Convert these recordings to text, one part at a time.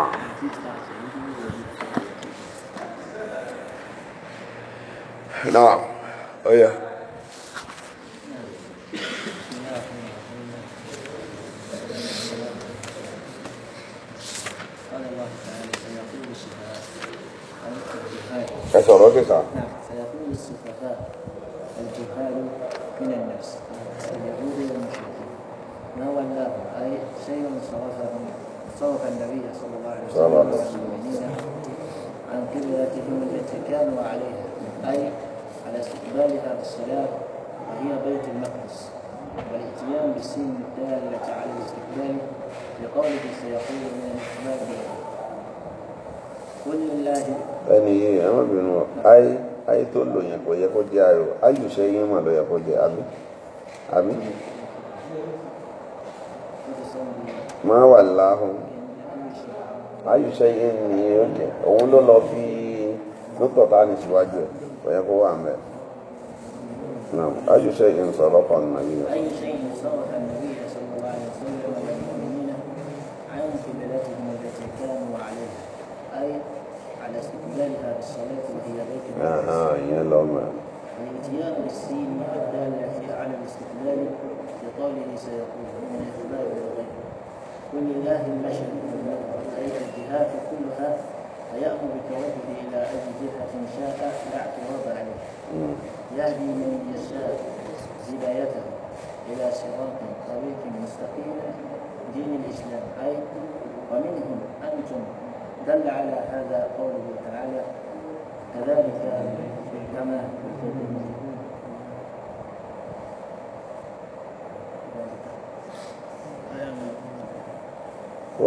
الله نعم ايه أسرار تسعة نعم سيقول السفهاء الجهال من النفس اليهود والمشركين ما ولاهم أي شيء صرفهم منه صرف النبي صلى الله عليه وسلم المؤمنين عن قبلتهم التي كانوا عليها أي على هذا الصلاة وهي بيت المقدس والاتيان بالسين الدالة على الاستقبال في قوله سيقول من الاقبال بها قل لله ẹni yìí ẹ أي أي ayé ayé tó lò yẹn أي yẹ kó jẹ ayò ayò ṣe yín mà ló ayu ṣẹyìn ni ó jẹ ló lọ fi dókítà tá ní síwájú ẹ yẹ kó wà نعم أي شيء صدق النبي صلى الله عليه وسلم أي شيء صدق النبي صلى عن قبلتهم التي كانوا عليها أي على استقبالها بالصلاة وهي بيت يا لما. الاتيان بالسين الدالة على الاستقبال لقوله سيقول من أسباب الغيب ومياه المشي اي الجهات كلها فيأمر بالتوجه إلى أي جهة شاء لا اعتراض عليه يهدي من يشاء هدايته إلى صراط طريق مستقيم دين الإسلام أي ومنهم أنتم دل على هذا قوله تعالى كذلك كما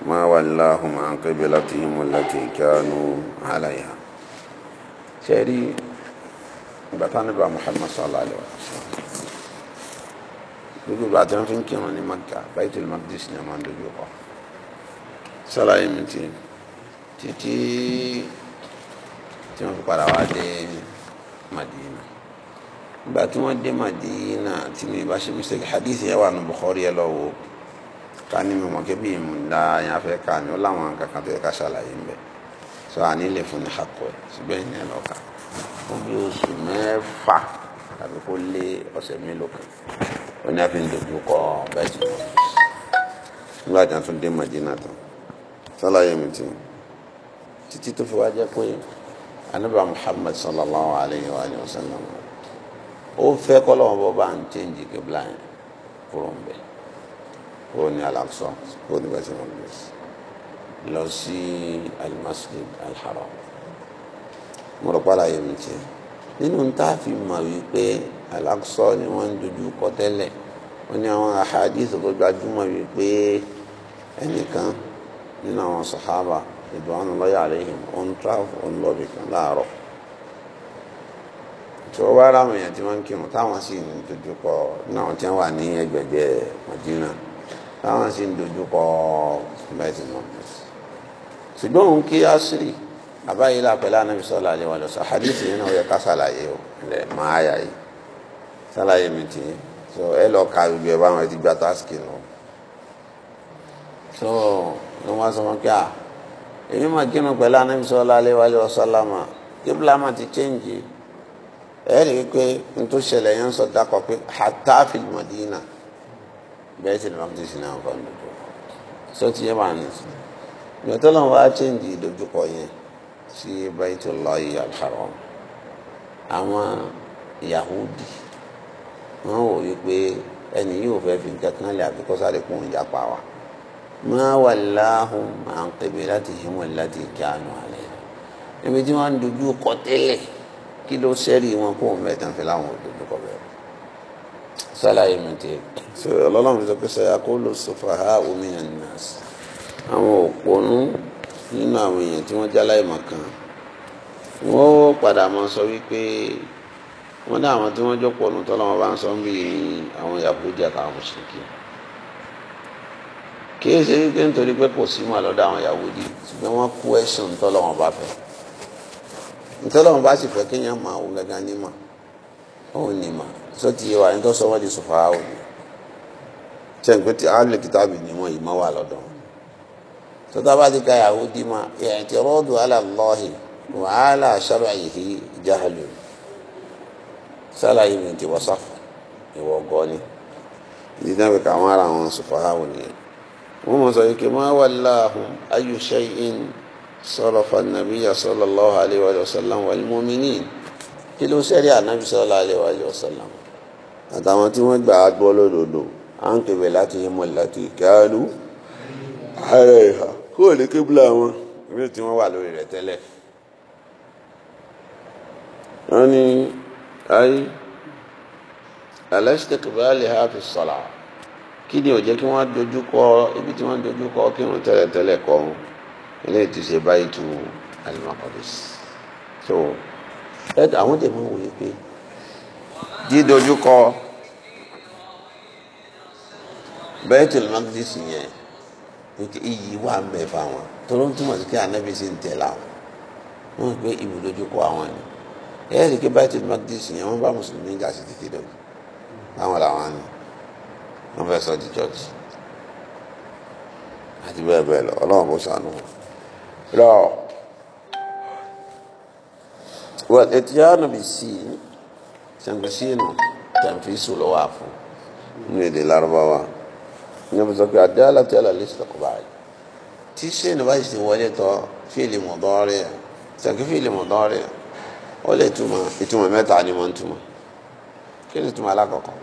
ما ولاهم عن قبلتهم التي كانوا عليها سيري بطان بقى محمد صلى الله عليه وسلم dojú bá tẹ́wọ́n fi ń kírun ní maka Baitul Maqdis ní ọmọ dojú kọ sálàyé mi ti títí tí wọ́n fi padà wá dé Madina nígbà tí dé Madina tí mi bá ṣe mistake hadith yẹn wà ní Bukhari yẹn lọ́wọ́ ká ní mi mọ̀ kébì ìmúlá yẹn afẹ́ ká ní ó láwọn nǹkan kan tó yẹ ká ṣàlàyé ń bẹ̀ sọ àní lè fún ní akọ ẹ̀ síbẹ̀ yìí náà lọ́ka ó bí oṣù mẹ́fà tàbí kó lé ọ̀sẹ̀ mélòó kan ó ní àfi ń dojú kọ bẹ́ẹ̀ jù nígbà tí a tún dé Madina tán sálàyé mi ti títí tó fi wá jẹ́ pé anábà Muhammad sallallahu alayhi wa sallam ó fẹ́ kọ́ lọ́wọ́ bọ́ bá ń chẹ́ǹjì kébìlà yẹn kúrò ń bẹ́ẹ̀ ó ní Al-Aqsa ó ní Baitul Maqdis lọ sí Al-Masjid Al-Haram mo rò pàdà yẹn mi tiẹ̀ nínú tá a fi mọ̀ wípé Al-Aqsa ni wọ́n ń dojú kọ tẹ́lẹ̀ ó ní àwọn ahadith tó gbajúmọ̀ wípé ẹnìkan nínú àwọn sàhábà ridwanullahi alaihim ó ń tráfù ó ń lọ́bì kan láàárọ̀ tí wọ́n bá ráwọn èèyàn tí wọ́n ń kírun táwọn sì ń dojú kọ náà tí wọ́n wà ní ẹgbẹ̀gbẹ̀ Madina táwọn sì ń dojú kọ ṣùgbọ́n òun kí asiri la pẹ̀lú anabi sọ́la àlẹ́ wa lọ sọ hadith yìí náà yẹ ká ṣàlàyé o ẹ̀ máa yà yìí ṣàlàyé mi tì í so ẹ lọ ka gbogbo ẹ báwọn ti gba taski lọ so ló wá sọ wọn pé à èmi máa kírun pẹ̀lú anabi sọ́la àlẹ́ wa lọ sọ́lámà kíbla máa ti chẹ́ǹjì ẹ̀ rí i pé n tó ṣẹlẹ̀ yẹn ń sọ dákọ̀ pé hatta Baitul Maqdis náà kọ́ dojúkọ sọ ti yẹ máa nìsí ìgbà tó lọ́n wá chẹ́ǹdì ìdojúkọ yẹn sí Baitullahi al-Haram àwọn Yahudi wọ́n wò wípé ẹni yóò fẹ́ fi nǹkan kan lè àfikọ́ sáré kún ìjàpá wa ma wallahum an qiblatihim allati kanu alayha níbi tí wọ́n dojú kọ tẹ́lẹ̀ kí ló sẹ́rí wọn kó mẹ́tàn fi láwọn òdo sálàyé mi tiẹ̀. sọ ọlọ́run sọ pé sọ akóló sọfàhà omi ẹ̀nàs àwọn òpònú nínú àwọn èèyàn tí wọ́n jáláì mọ̀ kan wọ́n padà mọ sọ wípé wọ́n dá àwọn tí wọ́n jọ pọ̀ nù tọ́lọ́wọ́n bá ń sọ ń bí ní àwọn Yahudi àtàwọn mùsùlùmí kìí ṣe wípé nítorí pé kò sí mọ́ àlọ́dọ̀ àwọn Yahudi ṣùgbọ́n wọ́n kú ẹ̀sùn tọ́lọ́wọ́n bá fẹ́ tọ́lọ́wọ́n bá sì fẹ́ kéèyàn máa wù gángan ní mà òun ní mà tó ti wà ní tó sọ wọ́n di sùfàá òní sẹ́yìn pé alẹ́ kìtàbì ni wọ́n yìí mọ́ wà lọ́dọ̀ tó tá bá ti ka Yahudi ma ẹ̀ẹ́dì rọ́ọ̀dù ala Allahi wa ala shar'ihi jahalu sálàyé mi ti wọ́sàfù ìwọ̀ gọ́ni ìdí náà pé káwọn ara wọn sùfàá òní wọ́n mọ̀ sọ wípé ma wallahu ayu shay'in sarafa an-nabiyya sallallahu alayhi wa sallam wal mu'minin kí ló sẹ́rí ànábì sallallahu alayhi àtàwọn tí wọ́n gbà á gbọ́ lódodo à ń kébè láti himọ̀ láti ìkẹ́àlú ààrẹ ìhà kúrò ní kébùlà wọn ibi tí wọ́n wà lórí rẹ̀ tẹ́lẹ̀. wọ́n ní ayé alẹ́sítẹ́kẹ̀bẹ́lẹ́ ha fi sọ̀lá kí ni ò jẹ́ kí wọ́n dojú ibi tí wọ́n dojú kí wọ́n tẹ́lẹ̀ tẹ́lẹ̀ kọ́ ilé ìtúsẹ̀ báyìí tu alimakọ́dẹ́sì. so àwọn tẹ̀ mọ́ wòye pé dídojúkọ Baitul Maqdis yẹn iyì wà ń bẹ fáwọn tóró ń túmọ̀ sí kí anábì sì ń tẹ̀lé àwọn wọn gbé ibùdójúkọ àwọn ni ẹ̀ẹ́dì kí Baitul Maqdis yẹn wọ́n bá mùsùlùmí jà sí títí lọ àwọn làwọn ni wọ́n fẹ́ sọ di church àti bẹ́ẹ̀ bẹ́ẹ̀ lọ ọlọ́run kò sànù lọ. wọ́n ètò yánnà bí sí ṣàǹkìṣìnù tàǹfìṣù lọ́wọ́ àfọ nínú èdè lárúbáwá ní ọ̀pọ̀ sọ pé àdá aláti alàlẹ́ ìṣàkóbá rẹ̀ tí ṣéènì bá ṣe wọlé tọ́ fíìlì mọ̀dọ́rẹ́ ṣàǹkì fíìlì mọ̀dọ́rẹ́ ó lè túmọ̀ ìtumọ̀ mẹ́ta ni wọ́n ń túmọ̀ kí ni ìtumọ̀ alákọ̀ọ́kọ́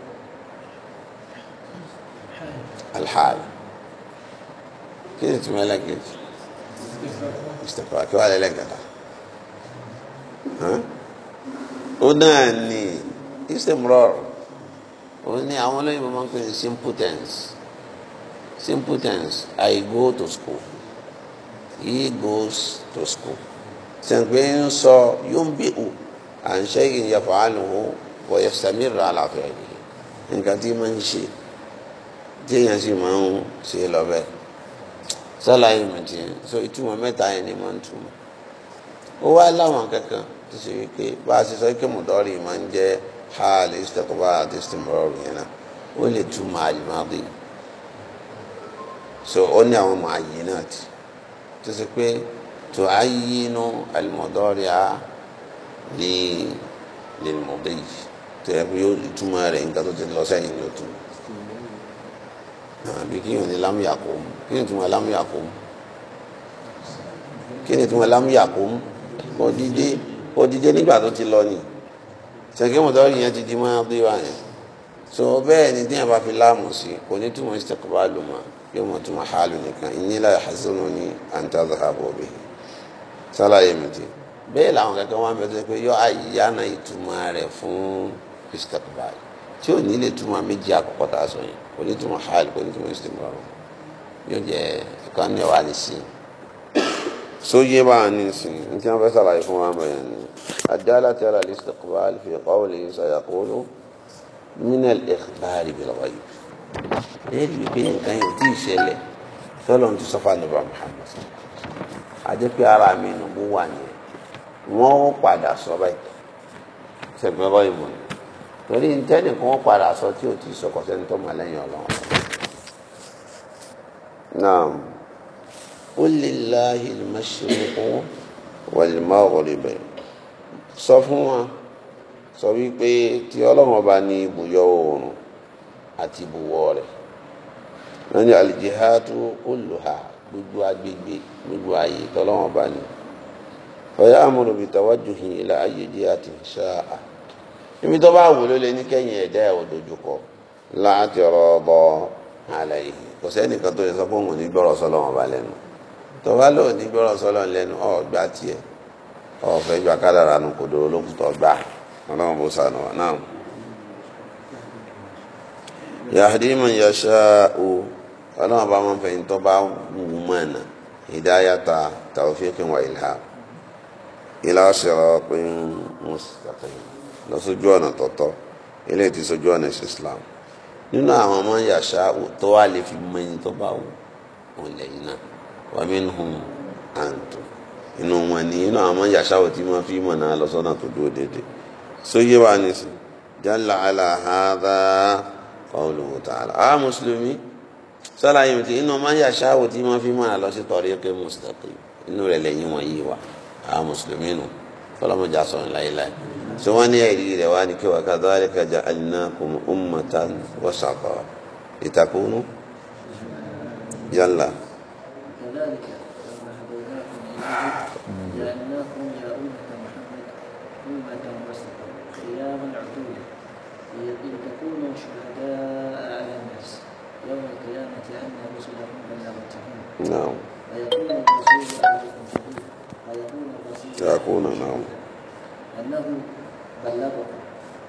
alhaal kí ni ìtumọ̀ ẹlẹ́kẹ̀ẹ́jì ìṣàkóbá kí wàá lẹ́lẹ́kẹ̀ẹ́ta ó náà ní istimrar òun ni àwọn olóyìnbó máa ń pè ní simple tense simple tense I go to school he goes to school sẹ̀ǹpé ń sọ yunbi'u an shay'in yaf'aluhu wa yastamirru ala fi'lihi nǹkan tí máa ń ṣe téèyàn sì máa ń ṣe lọ bẹ́ẹ̀ sálàyé mọ̀tì so ìtumọ̀ mẹ́ta yẹn ni máa ń túmọ̀ ó wá láwọn kankan tó ṣe wípé bá a ṣe sọ pé mùdọ́rì máa ń jẹ́ hal istiqbad istimrar yẹn náà ó lè túmọ̀ àlùmọ́dé so ó ní àwọn màáyí náà ti tó ṣe pé tó á yí inú àlùmọ́dọ́rì á lè lè mọ̀dé yìí tó yẹ pé yóò túmọ̀ rẹ̀ nǹkan tó ti lọ sẹ́yìn ló tún àbí kí yóò ní lámúyàkó kí ni túmọ̀ lámúyàkó kí ni túmọ̀ lámúyàkó ó dídé ó dídé nígbà tó ti lọ nìyí sẹ́kẹ́ mọ̀dọ́rì yẹn ti di mọ́ abdíwá yẹn so bẹ́ẹ̀ ni díẹ̀ bá fi láàmù sí kò ní túmọ̀ sí tẹkọ̀bá lò mọ́ yóò mọ̀ túmọ̀ hálù nìkan ìnílá ìhásánú ni àǹtàzà àbọ̀ bẹ́ẹ̀ sálàyé mi ti bẹ́ẹ̀ làwọn kankan wá mẹ́tọ́ pé yọ àyíyáná ìtumọ̀ rẹ̀ fún ìsìtàkùbà tí ò ní lè túmọ̀ méjì àkọ́kọ́ tá a sọ yẹn kò ní túmọ̀ hálù kò ní túmọ̀ ìsìtàkùbà yóò jẹ́ ìkànnì ọ̀wá ní sí i sóyè bá ní sìn ní tí wọn fẹ́ sàlàyé fún wa bẹyẹn ni adalati ala al-istiqbal fi qawli sayaqulu min al-ikhbar bil-ghayb lẹ́yìn wípé nǹkan yẹn ò tí ì ṣẹlẹ̀ sọlọ́n ti sọ́fà nípa Muhammad àjẹ́ pé ara mi nù bó wà ní wọ́n ó padà sọ báyìí sẹ̀gbọ́n báyìí mọ̀ ní torí ntẹ́nì kan ó padà sọ tí ò tí ì sọkọ̀ sẹ́ni tó mọ̀ lẹ́yìn ọlọ́run náà qul lillahi المشرق mashriqu wal-maghrib sọ fún wa sọ wípé tí ọlọ́run ọba ní ibùyọ oòrùn àti ibùwọ̀ rẹ̀ wọ́n ní al-jihatu kulluha gbogbo agbègbè gbogbo ààyè tọ́lọ́run ọba ní ọ̀yá àmúlò bí tawajjuhi ila ayyi jihati sha'a ibi tó bá wù ló lé ní kẹ́yìn ẹ̀dá ẹ̀ òdòjúkọ láti ọ̀rọ̀ ọ̀bọ àlàyé kò sẹ́nìkan tó lè sọ fún òun ní gbọ́rọ̀ sọ́lọ́run ọba lẹ́nu tó bá lò ní gbọ́rọ̀ sọ́lọ̀ lẹ́nu ọ̀gbà tiẹ̀ ọ̀fẹ́ gbà kádàrà nù kò dúró lókùn tó gbà ọlọ́run bó sànù wà náà. yahdi man yasha'u ọlọ́run bá máa ń fẹ̀yìn tó bá wù ú mọ̀nà hidayata tawfiqin wa ilham ila siratin mustaqim lọ sójú ọ̀nà tọ̀tọ̀ ilé ti sójú ọ̀nà Islam nínú àwọn ọmọ yàṣà tó wà lè fi mọ ẹni tó bá wù ú náà wàmínhùn àǹtò inú wọn ni inú àwọn yàṣáwò tí wọn fi mọ̀ náà lọ sọ́nà tó dúró déédéé sóyè wa ni sìn jalla ala hadha qawluhu ta'ala a mùsùlùmí sọ́la yìí ti inú wọn yàṣáwò tí wọn fi mọ̀ náà lọ sí tariqi mustaqim inú rẹ̀ lẹ́yìn wọn yìí wa a mùsùlùmí nù fọlọ́mọdé àsọ̀rọ̀ láyéláyé so wọn ní ẹ̀rí rẹ̀ wá ní kí wa kadhalika ja'alnakum ummatan wasata litakunu yálà. ذلك لما هديناكم جعلناكم يا أمة محمد أمة وسطا خيارا عدولا لتكونوا شهداء على الناس يوم القيامة أن رسلهم بلغتهم نعم ويكون الرسول عليكم شهيدا ويكون الرسول يكون نعم أنه بلغكم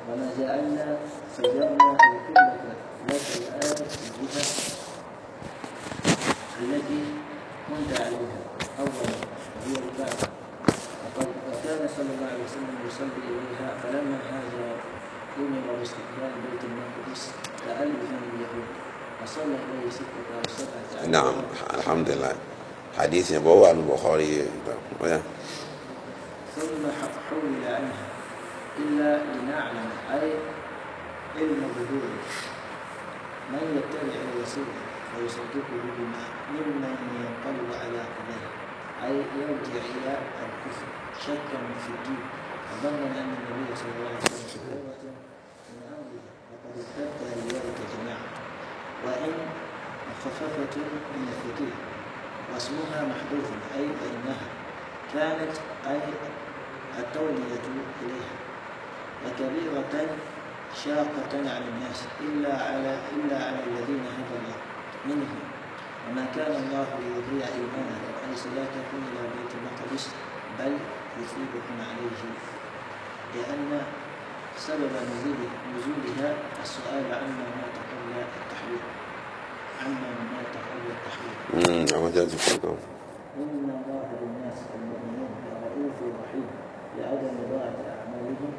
وما جعلنا فجرنا لكلكم لك الآية الجهة التي كنت عليها أولا وهي الباب وقد وكان صلى الله عليه وسلم يصلي إليها فلما هذا أمر باستقبال بيت المقدس تألفا اليهود فصلى إليه ستة أو سبعة نعم الحمد لله حديث يبوه البخاري ثم حول عنها إلا لنعلم أي علم الظهور من يتبع الرسول فيصدقه بما ممن ينقلب على قبله أي يرجع إلى الكفر شكا في الدين فظنا أن النبي صلى الله عليه وسلم قوة من أمره وقد اخترتها لذلك جماعة وإن مخففه من الفتيه واسمها محذوف أي إنها كانت أي التولية إليها وكبيرة شاقة على الناس إلا على إلا على الذين هدى الله منه وما كان الله ليضيع إيمانكم حيث لا تكون إلى بيت المقدس بل يثيبكم عليه لأن سبب نزولها السؤال عما ما تقول التحريم عما ما تقول التحريم إن الله للناس المؤمنون لرؤوف رحيم لعدم ضاعة أعمالهم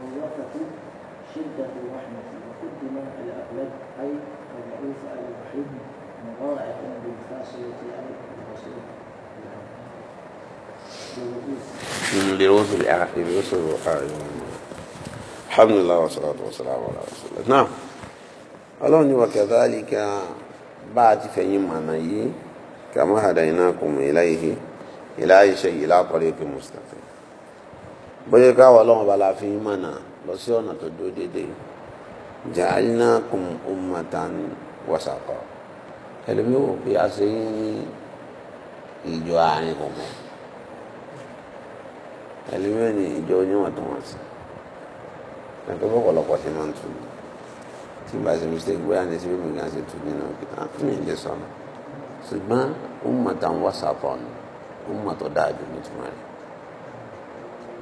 ووقفة شدة رحمته قدم الأبلد أي الرؤوف الوحيد مضاعف بالفاصلة أي الفاصلة لرؤوس لرؤوس الحمد لله والصلاة والسلام على رسول الله نعم ọlọ́run ni وكذلك bá a ti fẹ̀yìn mọ̀nà yìí كما هديناكم إليه إلى أي شيء إلى طريق مستقيم bóyá káwọn ọlọ́run bá la fi mọ̀nà lọ sí ja'alnakum ummatan wasata ẹlòmí wò pé a ṣe yín ní ìjọ àárín gbùngbùn ẹlòmí ní ìjọ oníwọ̀ntúnwọ̀nsì ẹ̀tọ́ bọ́pọ̀lọpọ̀ sí máa ń tún tí bá ṣe mistake bóyá ní síbí mi gan ṣe tún nínú kíkà mí lè sọnù ṣùgbọ́n ummatan wasata ni ummatan dáa jù nítorí rẹ̀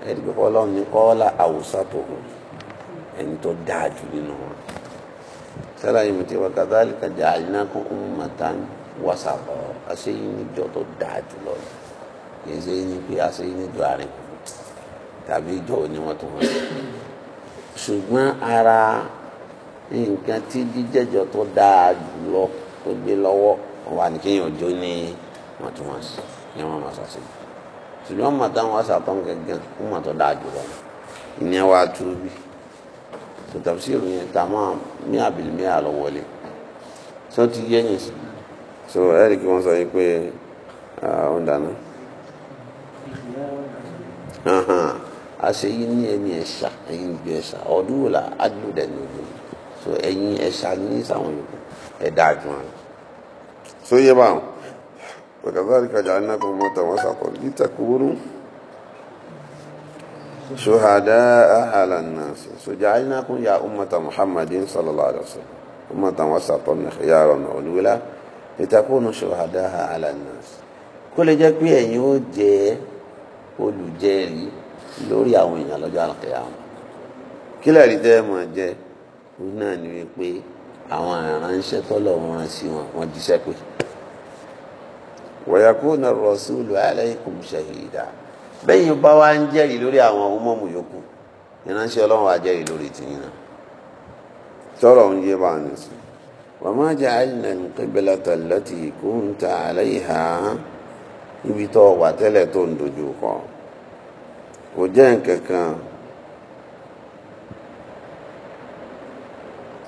ẹ̀ẹ́dì pípọ́ ọlọ́run ní kọ́ọ́lá àwùsá tó hù ẹni tó dáa jù nínú wọn sálàyé mi ti wà kadhalika ja'alnakum ummatan wasata àṣeyìn níjọ tó dáa jù lọ kì í ṣe é ní pé àṣeyìn níjọ àárín tàbí ìjọ òní wọn tó wọn ṣùgbọ́n ara nǹkan tí jíjẹ́jọ tó dáa jù lọ tó gbé lọ́wọ́ wà ní kéèyàn jó ní wọn tó wọn sí ní wọn máa ṣàṣe ṣùgbọ́n màtá wọn ṣàtọ́ gẹ́gẹ́ wọn màtọ́ dáa jù lọ ìní wa tú bí so tafsir yẹn tamam mia bil mia lọ wọlé so ti yẹ so ẹ̀rí kí wọ́n sọ yín pé ọ̀hún dáná àṣeyí ní ẹni ẹ̀ṣà ẹ̀yin gbé ẹ̀ṣà ọdún wò la adúlù dẹ̀nu ìlú so ẹ̀yin ẹ̀ṣà ní sáwọn yòókù ẹ̀dá àjùmọ̀ so yẹ báwọn wa kadhalika ja'alnakum ummatan wasatan litakuunu. شهداء على الناس فجعلناكم يا أمة محمد صلى الله عليه وسلم أمة وسطا خيارا علولا لتكونوا شهداء على الناس كل جاك بي أن يوجي olùjẹ́rìí lórí àwọn èèyàn lọ́jọ́ àlùkìyàmù kí lẹ́ẹ̀rí tẹ́ mọ̀ jẹ́ òun náà ni wípé àwọn ìránṣẹ́ tọ́lọ̀ wọn rán sí wọn wọ́n jíṣẹ́ pé wa yakuna ar-rasulu alaykum shahida bẹ́yìn bá wá ń jẹ́rìí lórí àwọn ọmọọmọ yòókù ìránṣẹ́ ọlọ́run wa jẹ́rìí lórí tìyín náà tọrọ ń yé bá ní sí wa ma ja'alna al-qiblata allati kunta 'alayha níbi tó wà tẹ́lẹ̀ tó ń dojú kọ kò jẹ́ nkankan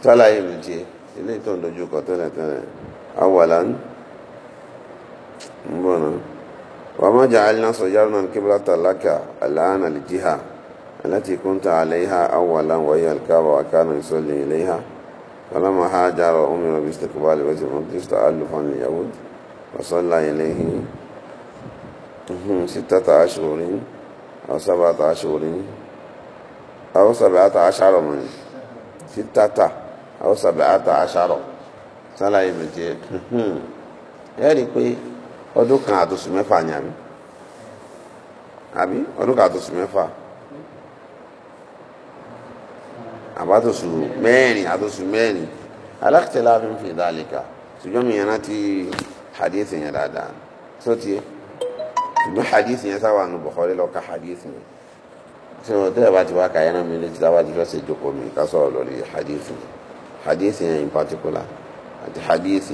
sálàyé mi tiẹ̀ ilé tó ń dojú kọ tẹ́lẹ̀ tẹ́lẹ̀ awalan ń bọ̀ náà. وما جعلنا سجرنا القبلة لك الآن الجهة التي كنت عليها أولا وهي الكعبة وكان يصلي إليها فلما هاجر أمر باستقبال بيت المقدس تألفا لليهود وصلى إليه ستة أشهر أو سبعة أشهر أو سبعة عشر من ستة أو سبعة عشر صلى إبتيك يا ọdún kan àtòsù mẹ́fà ni àbí àbí ọdún kan àtòsù mẹ́fà àbátòsù mẹ́rin àtòsù mẹ́rin alákìtẹ́lá fi ń fi dhalika ṣùgbọ́n mi yànnà ti hadith yẹn dáadáa tó tiẹ̀ ṣùgbọ́n hadith yẹn sáwà nù Bukhari lọ ka hadith yẹn tí wọ́n tẹ́lẹ̀ bá ti wá kàyẹ́ náà mi létí ti fẹ́ ṣe jókòó mi ká lórí hadith yẹn hadith yẹn in particular àti hadith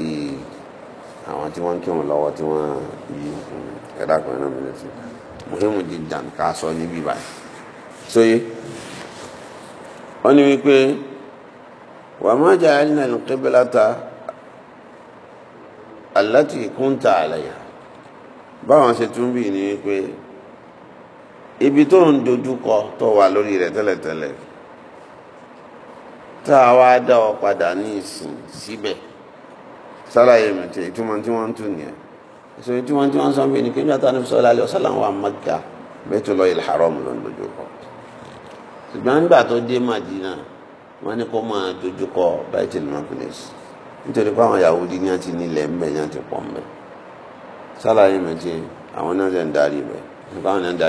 àwọn tí wọ́n ń kírun lọ́wọ́ tí wọ́n yí ẹ̀dá kan náà mi létí mùhímù jíjà ká sọ níbí báyìí sóyè wọ́n ní wípé wà má jà á nínú al-qiblata allati kunta alayha báwọn ṣe tún bí ní wípé ibi tó ń dojúkọ tó wà lórí rẹ̀ tẹ́lẹ̀tẹ́lẹ̀ tá a wá dá ọ padà ní ìsìn síbẹ̀ sálàyé mẹ́tẹ̀ ìtumọ̀ tí wọ́n ń tún nìyẹn èso tí wọ́n tí wọ́n sọ bí ní kí nígbà táwọn sọ lálẹ́ ọ̀sán làwọn amága bẹ́tù lọ ilẹ̀ haram ló ń dojú kọ ṣùgbọ́n nígbà tó dé Madina wọ́n ní kó máa dojú kọ Baitul Maqdis nítorí pé àwọn Yahudi ní àti nílẹ̀ ńbẹ̀ ní àti pọ̀ ńbẹ̀ sálàyé mẹ́tẹ̀ àwọn náà ṣe ń àwọn náà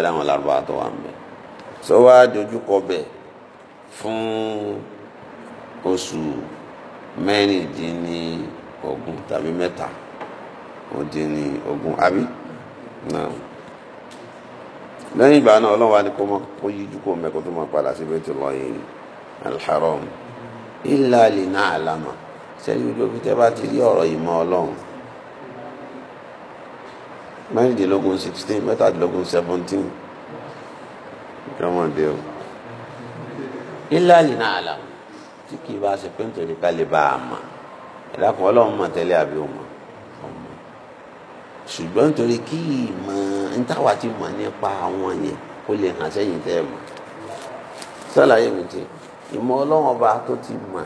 fún oṣù mẹ́rìndínlẹ́ ogún tàbí mẹ́ta ó dín ní ogún àbí náà lẹ́yìn ìgbà náà ọlọ́run wa ni kó mọ kó yíjú kó mẹ́kọ̀ọ́ tó máa padà sí Baitullahi al-Haram illa li na'lama sẹ́ni ojú òfin tẹ́ bá ti rí ọ̀rọ̀ ìmọ̀ ọlọ́run mẹ́rìndínlógún sixteen mẹ́tàdínlógún seventeen kọ́mọ̀dé o illa li na'lama tí kì í bá ṣe pé nítorí ká lè bá a mọ̀. ìdákọ̀ ọlọ́run mọ̀ tẹ́lẹ̀ àbí òmọ̀ ṣùgbọ́n nítorí kí ìmọ̀ ntáwa ti mọ̀ nípa àwọn yẹn kó lè hàn sẹ́yìn tẹ́ ẹ mọ̀ mi ti ìmọ̀ ọlọ́run ọba tó ti mọ̀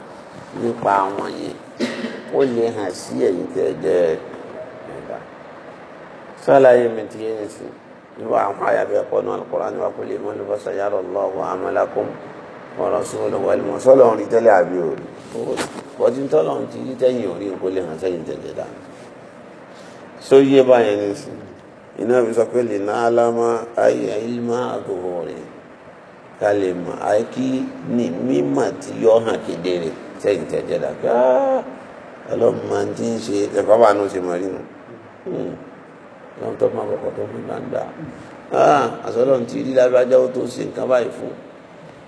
nípa àwọn yẹn kó lè hàn sí ẹ̀yìn tẹ́ ẹ jẹ́ ẹ̀dá mi ti yẹn àwọn náà ọ̀rọ̀ sọ́lọ́ wọlé mọ́ sọ́lọ́ ń rí tẹ́lẹ̀ àbí òòrì bọ́dí tọ́lọ̀ ń ti rí tẹ́yìn òòrì kó lè hàn sẹ́yìn tẹ̀lẹ̀ dà so yé báyẹn ní sí iná fi sọ pé lè ná alámá ayé ilmá àgbòho rẹ̀ ká lè mọ̀ ayé kí ni mímọ̀ tí yọ hàn kedere sẹ́yìn tẹ̀lẹ̀ dà pé ah, ọlọ́run máa ń ti ń ṣe ẹ̀kọ́ bá nù ṣe mọ̀ rí nu hmm. ọlọ́run tó máa kọ̀kọ̀ tó fi gbàǹdà ah, àṣọ ọlọ́run ti rí lábẹ́jọ́ tó ṣe nǹkan báyìí fún un.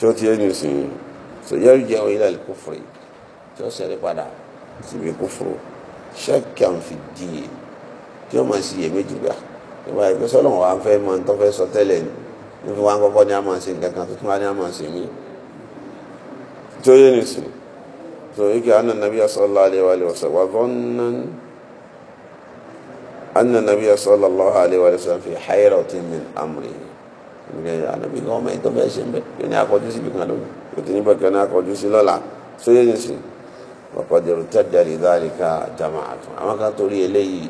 tí ó ti yẹ nìyí sìn so yẹ́rù jẹ́ òye lẹ́lẹ́ kófòrè tí ó sẹ́rí padà síbi kófòrò ṣẹ́kàn fi dìye tí ó máa ṣiyè méjì gbà ìwà ìgbé sọ́lọ̀ wà ń fẹ́ máa ń tọ́fẹ́ sọ tẹ́lẹ̀ ni ní fi wá kọ́kọ́ ní a máa ṣe nǹkan kan tuntun wá ní a máa ṣe mí tí ó yẹ sìn so ike anna nabiya sallallahu alaihi wa sallam wa dhannan anna nabiya sallallahu alaihi wa sallam fi hayratin min amrihi ìgbẹ́ anábì kan ọmọ yìí tó fẹ́ ṣe ń bẹ́ kí ni akọjú sí ibi kan lónìí kò tí ní bọ́ kí ni akọjú sí lọ́la sóyè ní sìn ọ̀pọ̀dẹ̀rù tẹ́dẹ̀rì dáríkà jama àtún àwọn kan torí eléyìí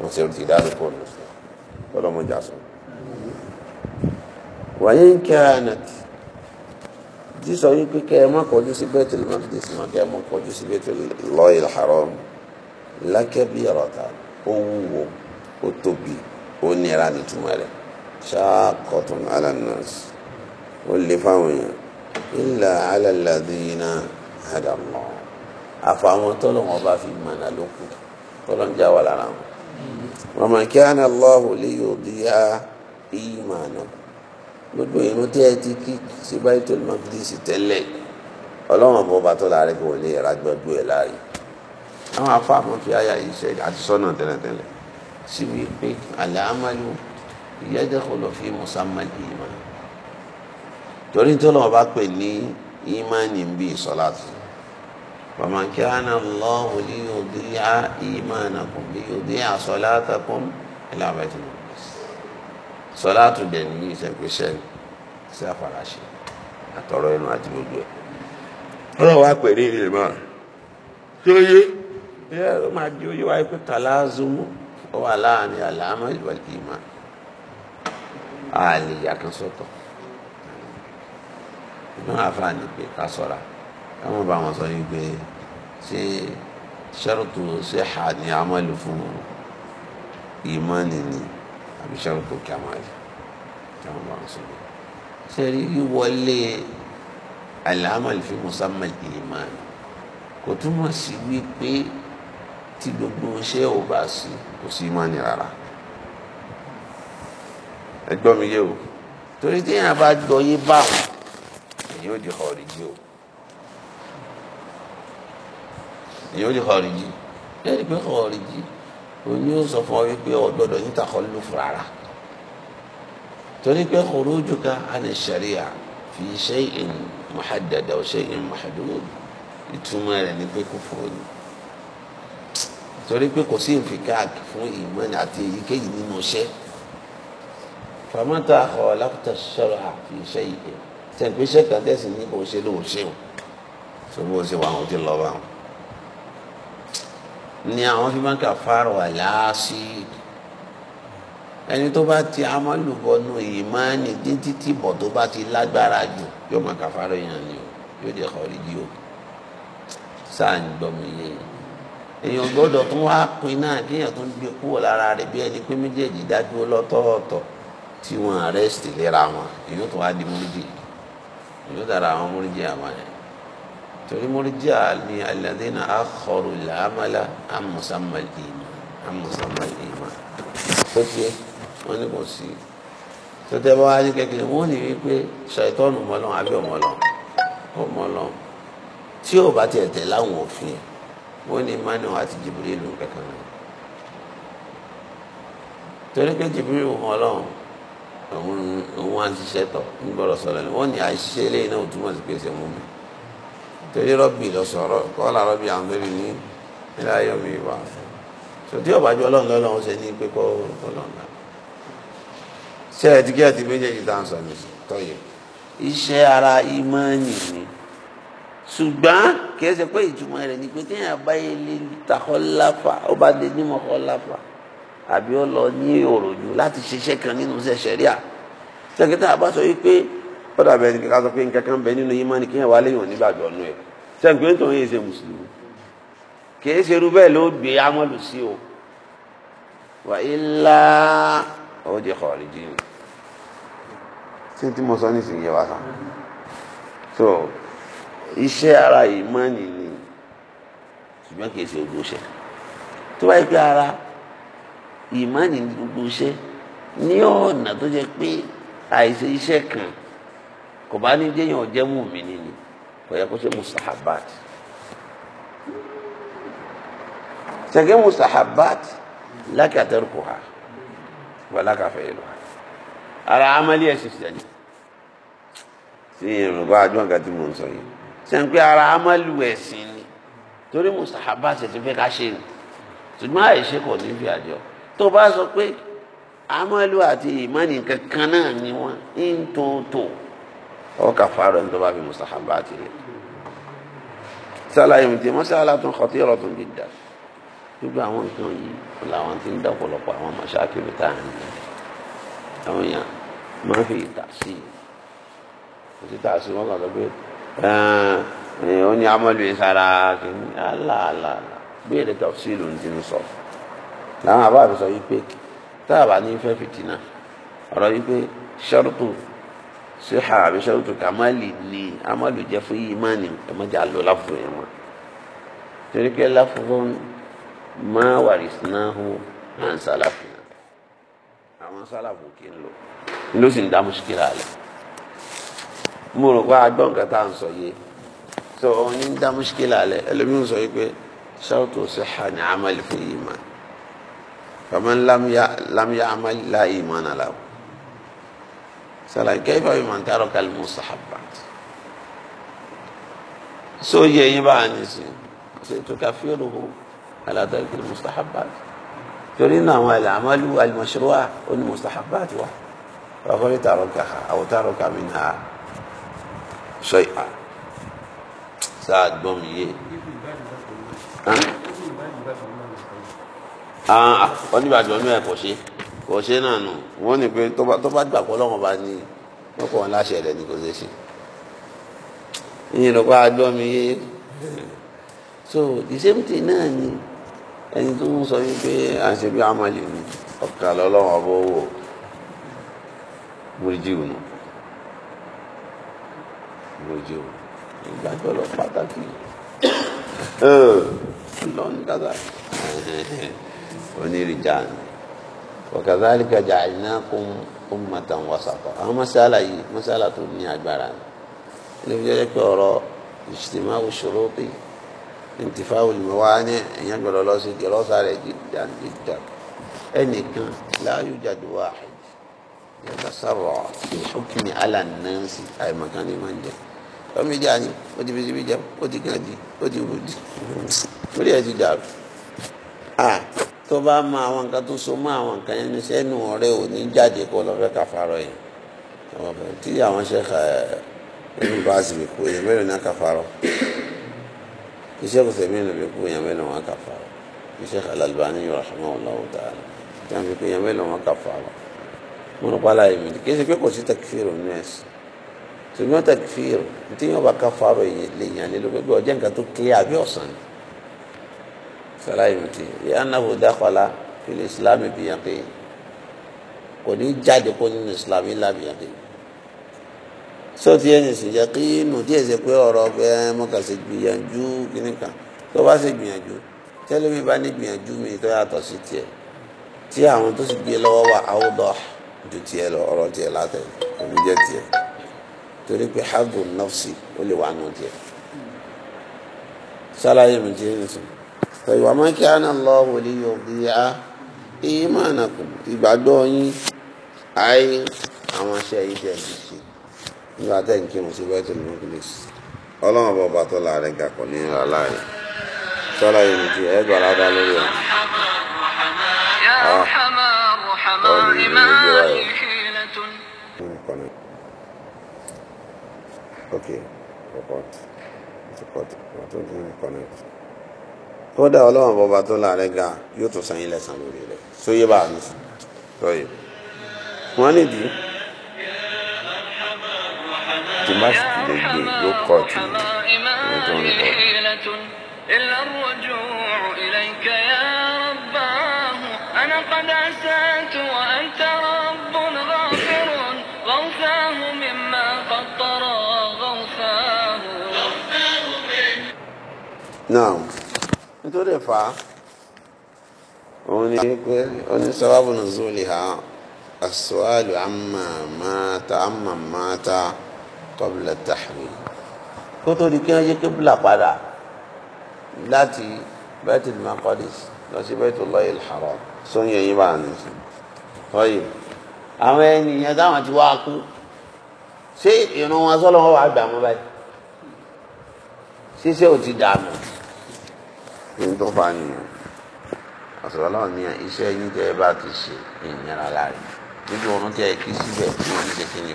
wọ́n ṣe ti dárúkọ lọ sí ọlọ́mọjà sọ. wàyí ń kẹ́ ànàtì sísọ wípé kẹ́ ẹ má kọjú sí bẹ́tẹ̀lì má fi sí kẹ́ ẹ má kọjú sí bẹ́tẹ̀lì lọ́ọ̀yì ṣáàkọ̀tún alanas ó lè fáwọn èèyàn ilà alàlàdínà àdàmọ́ àfàwọn tọ́lọ́wọ́n bá fi mọ̀nà lókù tọ́lọ́n já wà lára wọn. màmá kí á ná lọ́hùn lè yóò di á ìmọ̀nà gbogbo ìrún tí ẹ ti kí sí báyìí mọ́kìdísì tẹ́lẹ̀ ọlọ́wọ́n bó bá tó láàrin kò lè ra gbogbo ẹ̀ láàyè àwọn afáàmọ́ fi àyà yìí ṣe àti sọ́nà tẹ́lẹ̀tẹ́lẹ̀ síbi pé àlẹ́ àmàlù yẹ́dẹ́kọ̀lọ̀ fi musamman ìmọ̀ torí tó lọ́wọ́ bá pè ní ìmánì bí sọ́láàtì faman kana Allahu liyudi'a imanakum liyudi'a salatakum ila baitil maqdis sọ́láàtù dẹ̀ ní ìṣẹ̀pẹ̀ṣẹ̀ sí àfàràṣe àtọ̀rọ̀ ẹnu àti gbogbo ẹ̀ ọlọ́wọ́ á pè ní ilé mọ́ yé ẹ ló máa di oyé wáyé pé tàlázùmù ó wà láàrin àlàámọ́ ìwà ìmánì a lè yàtọ̀ sọ́tọ̀ inú àfààní pé ká sọ́ra ká mọ̀ bá wọn sọ yìí pé ṣé ṣẹ́rùtù ṣé hà ní amọ́lù fún ìmọ̀nì ni àbí ṣẹ́rùtù kí a máa lè ká mọ̀ bá wọn sọ yìí ṣe wíwọlé àlàámọ̀lù fún musamman ìmọ̀nì kò túmọ̀ sí wípé tí gbogbo ṣé ò bá sí kò sí ìmọ̀nì rárá ẹgbọ́n mi yé o torí téèyàn bá gbọ́ yé báwọn èyí ò di kọ̀ọ̀rìjì o èyí ò di kọ̀ọ̀rìjì lẹ́yìn pé kọ̀ọ̀rìjì òní ò sọ fún ọ wípé o gbọ́dọ̀ ní takọ́lù fúrara torí pé khurujuka ani sharia fi shay'in muhaddad aw shay'in mahdud ìtumọ̀ rẹ̀ ni pé kò fún ọ torí pé kò sí ìfikà fún ìmọ̀ àti èyíkéyìí nínú iṣẹ́ fàmọ́tà ọ̀ lápútà ṣọ́ra fi iṣẹ́ yìí tẹ̀gbẹ́sẹ̀ kan tẹ̀sí ní bó ṣe ló ṣe o tó bó ṣe wà wọn ti lọ bá wọn. ni àwọn fi máa ń kà fárọ̀ aláàṣì ẹni tó bá ti amálùbọ̀nù ìmánì ní títí bọ̀ tó bá ti lágbára jù yóò máa kà fárọ̀ yẹn ni o yóò dẹ̀ kọ́ rí o sáà ń gbọ́ mi yé èèyàn gbọ́dọ̀ tún wá pin náà kéèyàn tún gbé kúrò lára rẹ̀ bí ẹni pé méjèèjì dájú lọ́tọ̀ọ̀tọ̀ tí wọ́n arrest lera wọn èyí tó wá di múrídì èyí dára àwọn múrídì àwọn yẹn torí múrídì ni alladhina akharu al-amala am musamma al-iman am musamma al-iman tó tiẹ̀ wọ́n ní kò sí tó tẹ́ bá wá ní kékeré wọ́n ní wípé ṣàìtọ́nù mọ́lọ́n àbí ọmọlọ́n ọmọlọ́n tí ò bá tiẹ̀ tẹ̀ láwọn òfin yẹn wọ́n emmanuel àti Jibril lù kankan torí pé Jibril wọ́n ọlọ́run àwọn òun wá ń ṣiṣẹ́ tọ̀ nígbọ̀rọ̀ sọ̀rọ̀ ni wọ́n ní àìṣiṣe eléyìí náà ò túmọ̀ sí pèsè mú mi torí rọ́bì lọ sọ̀rọ̀ kọ́lá rọ́bì àwọn bẹ́ẹ̀ ní nílá ayọ̀ mi wà sòtí ọ̀bájú ọlọ́run lọ́lọ́run ṣe ní pé kọ́ ọlọ́run ṣe ẹ̀ ti kí ẹ̀ méjèèjì tá à ń sọ ní tọ́yẹ̀ iṣẹ́ ara ìmọ̀ọ́nì ni ṣùgbọ́n kì í ṣe pé ìtumọ̀ rẹ̀ ni pé téèyàn bá yẹ lè takọ́ láfà ó bá lè ní mọ́kọ́ láfà àbí ó lọ ní òròjú láti ṣiṣẹ́ kan nínú sẹ̀ṣẹ̀ríà sẹ́kítà àbá sọ yìí pé ọ̀dà bẹ́ẹ̀ ni kíkà sọ pé nǹkan kan bẹ nínú yìí máa ní kíyàn wá léyìn onígbàgbọ́ nù ẹ̀ sẹ́kítà tó ń yẹ ṣe mùsùlùmí kìí ṣe irú bẹ́ẹ̀ ló gbé amọ́lù sí o wà ilá ó jẹ kọ̀ọ̀rì jí ni ṣé tí mo sọ nísìnyí wa sàn so iṣẹ́ ara ìmánì ni ṣùgbọ́n kìí ṣe ogún ṣe tó bá yẹ pé ara ìmánì gbogbo iṣẹ́ ní ọ̀nà tó jẹ́ pé àìṣe iṣẹ́ kan kò bá ní jẹ́yàn ọ̀jẹ́ mú mi nìyí kò yẹ kó ṣe mustahabat ṣẹ̀gẹ́ mustahabat laka tarkuha wa laka fi'luha ara amali ẹ̀ ṣiṣẹ́ ni sí ìrùbá àjọ nǹkan tí mo ń sọ yìí ṣe ń pé ara amalu ẹ̀sìn ni torí mustahabat ṣe ti fẹ́ ká ṣe ṣùgbọ́n àìṣe kò ní fi àjọ tó bá sọ pé amọ́lú àti ìmánì kankan náà ni wọ́n ń tó tó ọkà fàárọ̀ ní tó bá fi mùsàlábà ti rẹ̀ sálàyé tí mọ́sálà tún kọtí ọ̀rọ̀ tún di dà gbogbo àwọn nǹkan yìí làwọn ti ń dọ́pọ̀lọpọ̀ àwọn mọ̀ṣáàkìlú tá à ń lò àwọn èèyàn máa fi ìtà sí i kò sí tà sí wọn kàn sọ pé ó ní amọ́lú yìí sára kì í ní àlàálà béèrè tọ́sílù ń ti ń sọ̀rọ̀ làwọn àbá àfi sọ yìí pé tá a bá ní fẹ́ fìtínà ọ̀rọ̀ yìí pé ṣọ́rùtù síhà àbí ṣọ́rùtù kàmáàlì ni amálù jẹ́ fún yìí máa ní ẹ̀mọ́jà lò láfùrù yẹn wọn. torí pé láfùrù máa wà rìsínáhù máa ń sálàfù àwọn sálàfù kì í lò ló sì ń dá mùsùkìlà rẹ̀ mo rò pé agbọ́n nǹkan tá à ń sọ yìí sọ ọ ní ń dá mùsùkìlà rẹ̀ ẹlòmíràn sọ yìí pé ṣọ́rùtù síhà ní amálù fún yìí máa فمن لم ي... لم يعمل لا إيمان له سلام كيف بمن ترك المستحبات سوية يبان تكفره على ترك المستحبات ما العمل المشروع والمستحبات واحد فهو تركها أو ترك منها شيئا سعد بومي ها Ah, ah, wọ́n ní ìbàdàn ní ẹ̀kọ́ ṣe kò ṣe náà nù wọ́n ní pé tó bá gbà pọ́ lọ́wọ́ bá ní wọ́n wọn láṣẹ rẹ̀ ní kò ṣe ṣe ìyẹn lọ́pàá àjọ yé so the same thing náà ni ẹni tó ń sọ yín pé à ń ṣe bí amọ̀lẹ̀ ni ọ̀kà lọ́lọ́wọ́ bó wò bóríjì ònà bóríjì ònà ìgbàjọ́ lọ pàtàkì lọ́nù dáadáa. oníríjàn wàkàzálìkà ja'alnakum ummatan wasata àwọn mọ́sálà yìí mọ́sálà tó ní agbára ní ilé ìjọba pé ọ̀rọ̀ ìṣìtìmá òṣòro pé ìtìfá olùmọ̀wá ní ẹ̀yìn gbọ́dọ̀ lọ sí ìlọ́sà rẹ̀ jìjà ẹnìkan la yujadu wahid yatasarra bil-hukmi ala àìmọ̀kan ní máa ń jẹ ọmọ ìjà ni ó ti fi síbi jẹ ó ti kàn di ó ti wù di lórí ẹ̀ ti dàrú tó bá mọ àwọn nǹkan tó so mọ àwọn nǹkan yẹn níṣẹ́ nù ọ̀rẹ́ ò ní jáde kó lọ́ọ́ fẹ́ kàfàrọ̀ yẹn tí àwọn ṣe ẹ ẹnu bá sì lè kó yẹn mẹ́rin náà kàfàrọ̀ iṣẹ́ kò sẹ́mi ní lè kó yẹn mẹ́rin wọn kàfàrọ̀ iṣẹ́ Al-Albani rahimahullahu ta'ala tí wọ́n fi kó yẹn mẹ́rin wọn kàfàrọ̀ mo rò pálá yìí mi kì í ṣe pé kò sí takfíìrù ní ṣùgbọ́n takfíìrù tí fẹ́lá ìrètí ìyánáwó dákọ̀lá fìlẹ̀ ìsìlámù bìyànjú kò ní jáde kó nínú ìsìlámù ìlà bìyànjú so ti ẹni sì jẹ kí inú díẹ̀ ṣe pé ọ̀rọ̀ pé mo kàn ṣe gbìyànjú kíní kan tó bá ṣe gbìyànjú tẹ́lẹ̀mí bá ní gbìyànjú mi tó yàtọ̀ sí tiẹ̀ tí àwọn tó sì gbé lọ́wọ́ wà áwùdọ̀ ju tiẹ̀ lọ ọ̀rọ̀ tiẹ̀ látẹ̀ òbí jẹ́ tiẹ̀ torí pé hadùn nọ́ọ̀sì ó lè wà nù tiẹ̀ sálàyé mi ti ń sùn. وما كان الله ليضيع إيمانكم ìgbàgbọ́ yín ayé àwọn aṣẹ́ yìí tẹ̀ ti ṣe nígbà tẹ̀ ń kírun sí bẹ́ẹ̀ tó lè mọ́kìlì sí ọlọ́run bọba tó okay report report kódà ọlọ́run bọba tó láàrẹ ga yóò tún san yín lẹ́san lórí rẹ̀ sóyè bá mi sọyè wọn nídìí tí má sì lè gbé ló kọ tì ní tó ń bọ. Now tó dẹ̀ fà á òun ni pé oníṣàwábù nù zúlì ha àṣùwàlù àmàmáta àmàmáta kọ́bùlà tàbí kó tó di kí wọ́n yé kébùlà padà láti bẹ́tìl makọ́dís lọ sí bẹ́tùllahi al-haram sóyè yín bá ní sí tọ́yì àwọn ènìyàn táwọn ti wá kú ṣé ìrún wọn sọ́lọ́wọ́ wà gbà báyìí ṣíṣe ò ti dààmú kí n tó bá nìyẹn àsọ̀rọ̀ a ní iṣẹ́ yín tẹ́ ẹ bá ti ṣe ìnira láàrin níbi oorun tẹ́ ihe kí síbẹ̀ tí wọ́n ní ni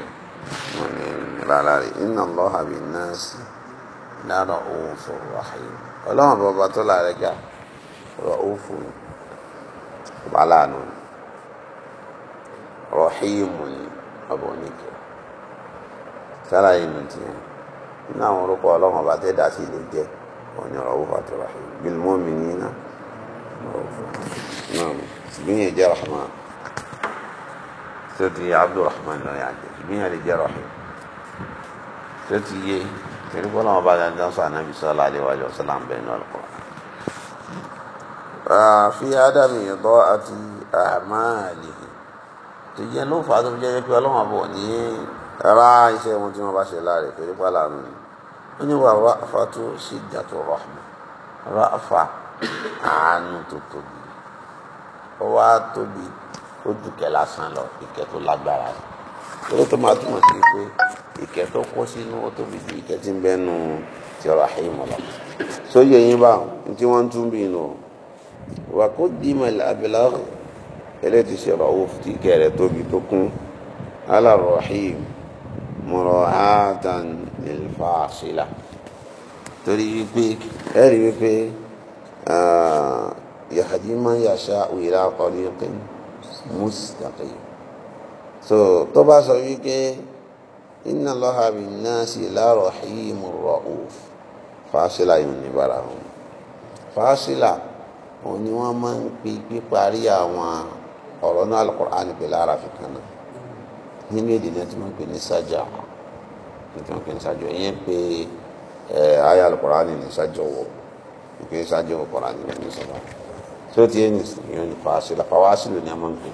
òní ràwùfù àti rahim bílmọ́ mi ní iná ràwùfù náà ṣùgbìyàn jẹ́ rahman tí ó ti yẹ abdulrahman lọ́ọ́ yà jẹ́ ṣùgbìyàn lè jẹ́ rahim tí ó ti yẹ torí bọ́lá wọn bá dandan sọ ànábì sọ́lá àdéwájú ọ̀sán àbẹ̀ ní ọ̀lùkọ́. fi ádámì ìdọ́ àti àmàlì tó jẹ́ ló fà á tó fi jẹ́ pé ọlọ́wọ́n bọ̀ ní ra iṣẹ́ wọn tí wọ́n bá ṣe láre torí pàlà nù ni wọ́n ní wà ráfà tó ṣe ìdàtọ̀ rahma ráfà àánú tó tóbi ó wá tóbi ó ju kẹ lásán lọ ìkẹ́ tó lágbára lórí tó máa túmọ̀ sí pé ìkẹ́ tó kó sínú ó tóbi ju ìkẹ́ tí ń ti rahim lọ sóyè yín bá tí wọ́n ń tún bí nù wà kó di mẹ́lẹ̀ abilá eléyìí ti ṣe ràwọ̀ fún ti ala rahim mùrọ̀hátàn ìfàṣìlà torí wípé ẹ̀rí wípé yàhàdí máa ń yàṣà ìlà tariqin mustaqim so tó bá sọ wípé inna Allaha bin nasi la rahimur rauf fàṣìlà yìí ní bára wọn fàṣìlà òun ni wọ́n máa ń pe píparí àwọn ọ̀rọ̀ náà al-Qur'an pẹ̀lú ara fi kan náà nínú èdè náà tí wọ́n pè ní sájà tí wọ́n pè ní sájọ ìyẹn pé ẹ ayé alukọ̀ránì ní sájọ wọ̀ ìpè sájọ kọ̀ránì ní ẹni sọ̀rọ̀ tí ó ti yé nìsín yóò ní fàásìlà fàwásìlù ni a máa ń pè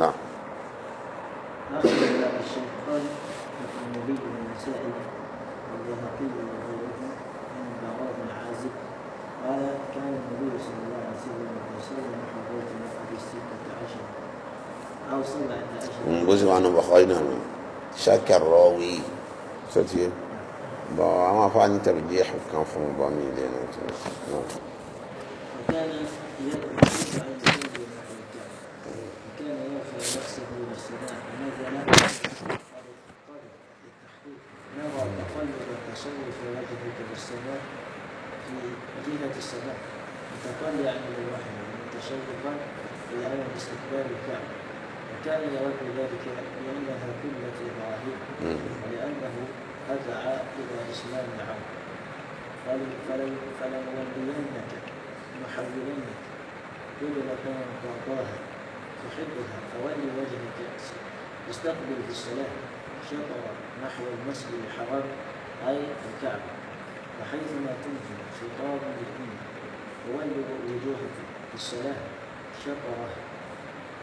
náà. قال كان النبي صلى الله عليه وسلم يصلي من حضرة الستة عشر ومبوزي وعنه بخاينا شك الراوي ستير بقى ما فعل انت بتجيح وكان في مباني لنا وكان كان يرفع نفسه للصلاة ونزل نرى تقلب التصوف بالصلاة في جهة الصلاة متطلعا للوحي متشوقا إلى أن استقبال الكعبة الثاني يرد ذلك لأنها قلة إبراهيم ولأنه هزع إلى إسلام العرب فلنولينك كل مكان ترضاها تحبها فولي وجهك استقبل في السلام شطر نحو المسجد الحرام أي الكعبة وحيثما كنتم خطاب للأمة وولوا وجوهكم في السلام شطره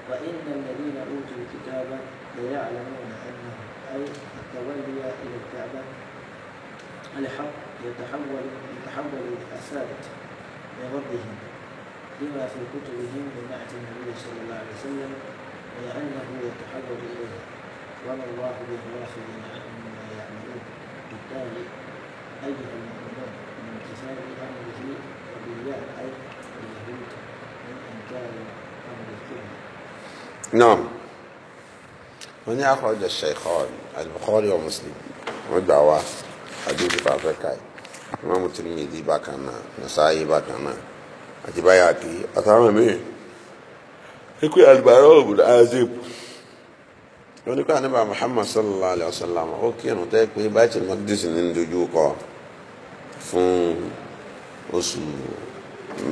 وإن الذين أوتوا الكتاب ليعلمون أنه أي التولي إلى الكعبة الحق يتحول يتحول الأسات ربهم لما في كتبهم من نعت النبي صلى الله عليه وسلم ولأنه يتحول إليه وما الله بغافل عما يعملون بالتالي أيها المؤمنون من امتثال أمره وبالله أي اليهود من إنكار نعم wọ́n ní akọ̀rọ̀jọ ṣẹ̀kọ́n Al-Bukhari wa Muslim wọ́n gbà wá àdúgbò pàfẹ́kà Imam Tirmidhi bákan náà Nasa'i bákan náà àti Bayhaqi àtàwọn míì ikú àlùbárà òbúdó azib wọ́n ní kó àníbà Muhammad sallallahu alayhi wa sallam ó kírun tẹ́ pé Baitul Maqdis ní dojú kọ fún oṣù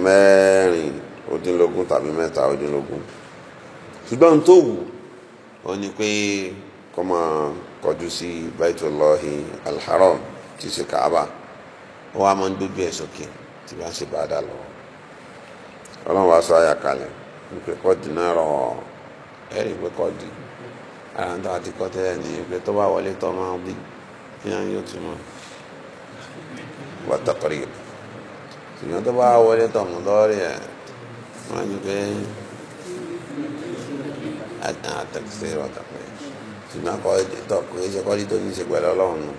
mẹ́rìndínlógún tàbí mẹ́ta ọdínlógún ṣùgbọ́n tó wù ó ní pé kó máa kọjú sí baitullahi alharam tí ṣe kaaba ó wá máa ń dójú ẹ̀ sókè tí wọ́n ṣe bá dà lọ. ọlọ́run wá sọ àyà kalẹ̀ wípé kọ́ọ̀dì náà rọ ẹ̀rí pé kọ́ọ̀dì ara ń tó àti kọ́ tẹ́lẹ̀ ní pé tó bá wọlé tó máa bí kí yóò tún mọ́ wà tọkọrí ṣùgbọ́n tó bá wọlé tó mú lọ́ọ̀rì ẹ̀ wọ́n á ní pé àtẹ̀sẹ̀ ọ̀tọ̀pẹ́ ṣùgbọ́n tọkùnrin ṣe kọ́lí tó ní ṣe pẹ̀lú ọlọ́run nù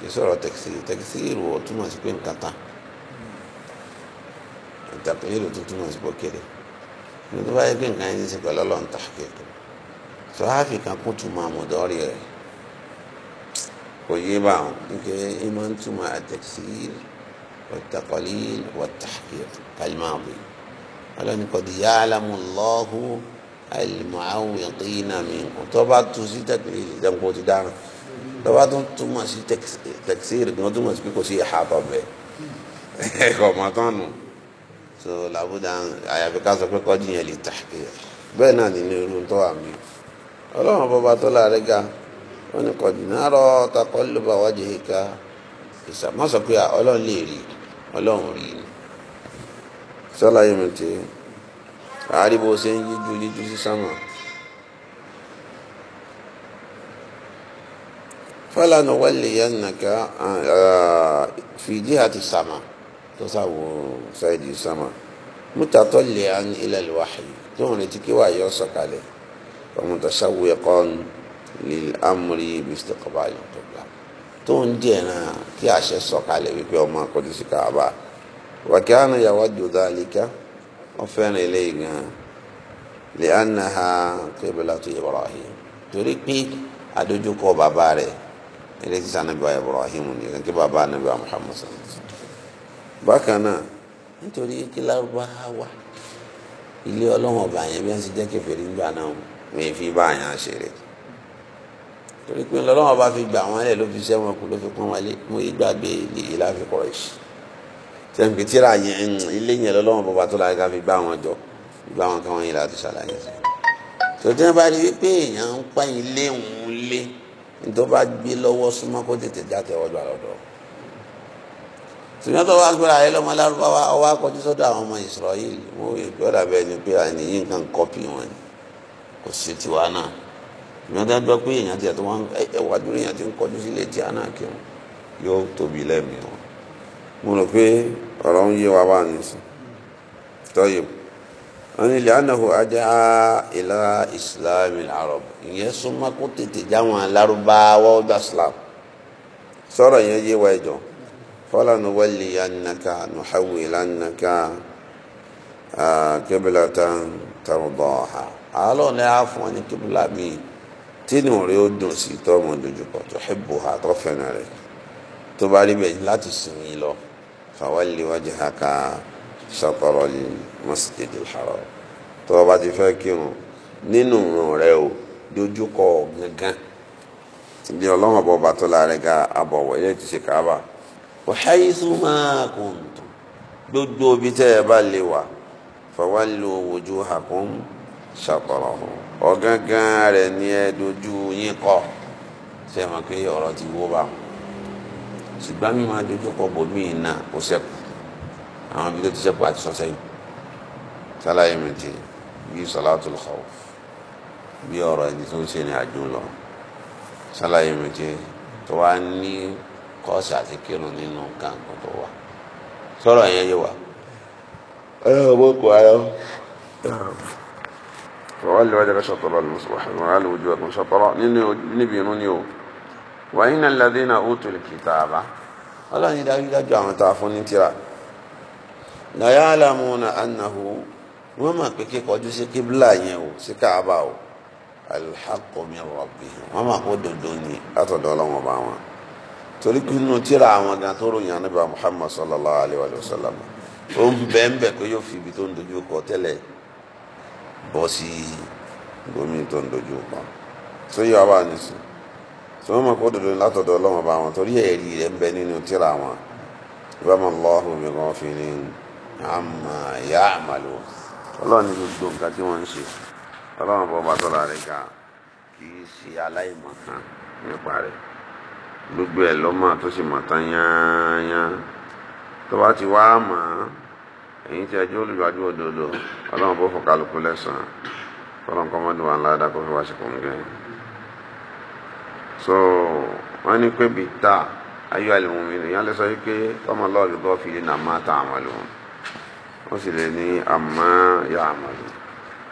kì í sọ̀rọ̀ tẹ̀sí tẹ̀sí ìrù ò túmọ̀ sí pé nǹkan tán ìtàkùn ìrù tó túmọ̀ sí pé kéré ní tó bá yẹ pé nǹkan yẹn ní ṣe pẹ̀lú ọlọ́run tàkì sọ háàfì kan kún túmọ̀ àmọ̀dọ́rì rẹ̀ kò yé bá wọn nítorí ìmọ̀ ń túmọ̀ àtẹ̀sí والتقليل والتحقيق الماضي ọlọ́ni kọ̀dí yá alámúlọ́hù àìlèmọ̀áhùn yàtọ̀yìnà mi tó bá tún sí tẹ̀kìrì ìjẹun kò ti dára tó bá tún túmọ̀ sí tẹ̀kìrì kan túmọ̀ sí pé kò sí ìhàtọ̀ bẹ́ẹ̀ ẹ̀kọ́ ọmọ tán nù so làbúdà àyàfi ká sọ pé kọ́jú yẹn lè tà bẹ́ẹ̀ náà nínú irú tó wà mí ọlọ́run bọba tó láàrẹ́ ga wọ́n ní kọ̀dí náà rọ takọ́ ló bá wájú ìka ìsàmọ́sọ pé ọlọ́run lè rí ọlọ́run rí ni sálàyé mi tí àáríbó ṣe ń yíjú yíjú sí sámà fálànà wálé yẹn nàka fìdí àti sámà tó sáwò sáìdì sámà mútàtọ́ lè an ilẹ̀ lùwàhì tó ń retí kí wàá yọ sọ̀kalẹ̀ ọmọ tàṣàwò ẹ̀kọ́ lè amúrí mr kọba yọ̀tọ̀ tó ń dìẹ̀ náà kí àṣẹ sọ̀kalẹ̀ wípé ọmọ akọ́dísí káàbáà wàkíánù yàwá jùdá àlìkà wọn fẹ́ràn eléyìí gan lè ànà ha kébìlà tó Ibrahim torí pé àdójúkọ bàbá rẹ ilé tí sànàbí wa Ibrahim ni kí bàbá ànàbí wa Muhammad sànàbí bákan náà nítorí kí lárúbáwá ilé ọlọ́wọ̀n ọba yẹn bí wọ́n ti jẹ́ kẹfẹ́rí ńgbà náà mi fi bá yẹn ṣeré torí pé ọlọ́wọ̀n ọba fi gbà wọ́n lẹ̀ ló fi sẹ́wọ̀n kù ló fi pọ́n wọn lé mo yí gbàgbé nìyí láfi kọ̀rọ̀ yìí sẹ́yìn pé tíra yẹn ilé yẹn lọ́lọ́wọ́n bọ́ba tó láyé ká fi gbá wọn jọ gbá wọn káwọn yìí láti ṣàlàyé sí i tòtí wọn bá rí wípé èèyàn ń pa ilé òun lé nítorí bá gbé lọ́wọ́ súnmọ́ kó tètè jáde ọjọ́ àlọ́dọ̀ ṣùgbọ́n tó wá gbéra ayé lọ́mọ lárúbáwá ọwọ́ akọjú sọ́dọ̀ àwọn ọmọ Israel wọ́n ìgbọ́dà bẹ́ẹ̀ ni pé àní yìí nǹkan kọ́pì wọn ni kò sí tiwa náà ṣùgbọ́n tó ń gbọ́ èèyàn tó mo rò pé ọ̀rọ̀ ń yé wa wà nísìn tọ́yìn wọ́n ní ilẹ̀ anahu ajá ìlà ìsìlámì arab ìyẹn súnmọ́ kó tètè jáwọn alárúbáwá ọgbà islam sọ̀rọ̀ yẹn yé wa ẹ̀jọ̀ fọlá nu wẹ́lì yannaka nu hawi lannaka kébìlà tán tàrúdọ̀ọ̀ha àlọ́ ní àfọ̀ ní kébìlà míì tínú rẹ̀ ó dùn sí tọ́mọ dojúkọ tó hẹ́bù ha tó fẹ́ràn rẹ̀ tó bá rí bẹ́ẹ̀ láti sìn yín lọ fawalli wajhaka ṣàtọ̀rọ̀ masjid al-haram tó o bá ti fẹ́ kírun nínú ìrun rẹ o dojúkọ gangan ibi ọlọ́wọ́n bọ̀ bàtọ́ láàrin ga abọ̀wọ̀ ilé ti ṣe káàbà wa haythu ma kuntum gbogbo ibi tẹ́ ẹ bá lè wà fawallu wujuhakum ṣàtọ̀rọ̀hu ọ̀gángan rẹ̀ ni ẹ dojú yín kọ́ ṣe é mọ̀ pé ọ̀rọ̀ ti wó báwọn ṣùgbọ́n mi máa dojú kọ bòmíì náà kó sẹ́kù àwọn ibi tó ti sẹ́kù àti sọ sẹ́yìn sálàyé mi ti bí salatul khawf bí ọ̀rọ̀ ẹni tó ń ṣe ní àjò lọ sálàyé mi ti tó wá ní kọ́ọ̀sì àti kírun nínú gàǹkan tó wà sọ̀rọ̀ yẹn yé wa. أنا أبوك وعلى وعلى وعلى شطر المصباح وعلى وجوهكم شطرا نبي نيو wàyínà ladínà utul kìtàbà ọlọ́ni dájúdájú àwọn tá a fún ní tírà nàyà alámúna anahu wọ́n mọ̀ pé kíkọjú sí kíbla yẹn o sí káàbà o alḥaqqu min rabbihim wọ́n mọ̀ kó dodo ni látọ̀dọ̀ ọlọ́wọ́n bá wọn torí pé inú tírà àwọn gan tó ròyìn ànábà muhammad sallallahu alayhi wa sallam ó ń bẹ́ ń bẹ̀ pé yóò fi ibi tó ń dojú kọ tẹ́lẹ̀ bọ́ sí gómìnà tó ń dojú kọ tó yẹ wá nísìnyí tí wọ́n mọ̀ kó dodo látọ̀dọ̀ ọlọ́run bá wọn torí ẹ̀rí rẹ̀ ń bẹ nínú tíra wọn ìbámu Allahu mi kan fi ni àmà ìyá àmàlò ọlọ́run ní gbogbo nǹkan tí wọ́n ń ṣe ọlọ́run bọ́ bá tọ́ra rẹ̀ ká kì í ṣe aláìmọ̀ kan nípa rẹ̀ gbogbo ẹ̀ lọ́mọ tó sì mọ̀ tán yáyá tó bá ti wá mọ̀ ẹ̀yìn tí ẹjọ́ olùgbàdú òdodo ọlọ́run bó fọkàlùkù lẹ́sàn ọlọ́run kọ́mọ́dún wa ńlá dákọ́ fún wáṣíkò ń gẹ́yìn so wọ́n ní pé bíi ta ayé àlùmọ́mí nìyẹn lè sọ wípé ọmọ lọ́ọ̀lù gọ́ fi lè nà má ta àmọ́lù ó sì lè ní àmọ́ yà àmọ́lù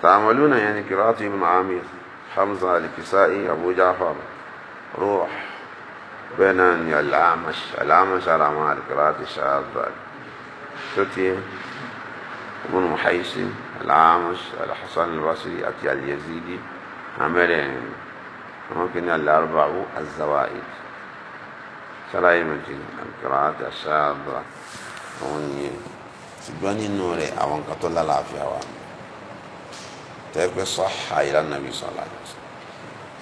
ta àmọ́lù náà yẹn ni kìrọ́ọ̀tì ibn amir hamza alikisai abu jafar ruh bẹ́ẹ̀ náà ni alamash alamash alama alikirati shahadra tó tiẹ̀ ibn muhaisin alamash alhassan albasri àti alyazidi amẹ́rẹ̀ẹ́ni wọn kì ní alárùbáwò azawaid sálàyé méjì àkàrà àti àṣàbà àwọn yẹn ṣùgbọ́n nínú rẹ̀ àwọn nǹkan tó lálàáfíà wà tẹ́gbẹ́ sọ́hà ìlànà nàbí sọ́lá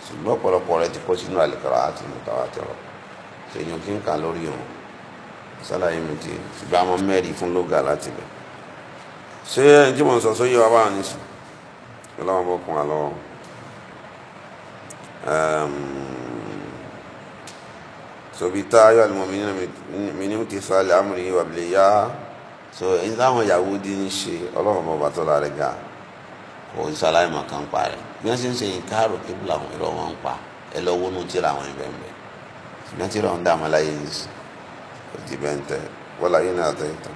ṣùgbọ́n ọ̀pọ̀lọpọ̀ rẹ̀ ti kó sínú àlìkàrà àti mùtàwátìrọ̀ tèèyàn kí n kà lórí òun sálàyé méjì ṣùgbọ́n àwọn mẹ́rin fún lóga láti bẹ̀ ṣé ẹni tí mo sọ sóyè wa bá wà nísìn ọlọ́wọ́n bó kún wa lọ́wọ́. Ehm, so bí tá ayọ́ al-mu'minina min imtisali amrihi wa ibliyaha so èyí táwọn Yahudi ń ṣe ọlọ́run bọ̀ bàtọ́ lára ga kò ń ṣaláì mọ̀ kan pa rẹ̀ bí wọ́n ṣe ń ṣe ìkárò kébùlà àwọn ìrọ̀ wọn ń pa ẹ lọ wọnú tíra àwọn ìbẹ̀ ńbẹ̀ ṣùgbọ́n tíra ń dá àmọ́ láyé ń sìn ó ti bẹ́ẹ̀ ń tẹ wọ́n láyé náà tẹ̀ tán.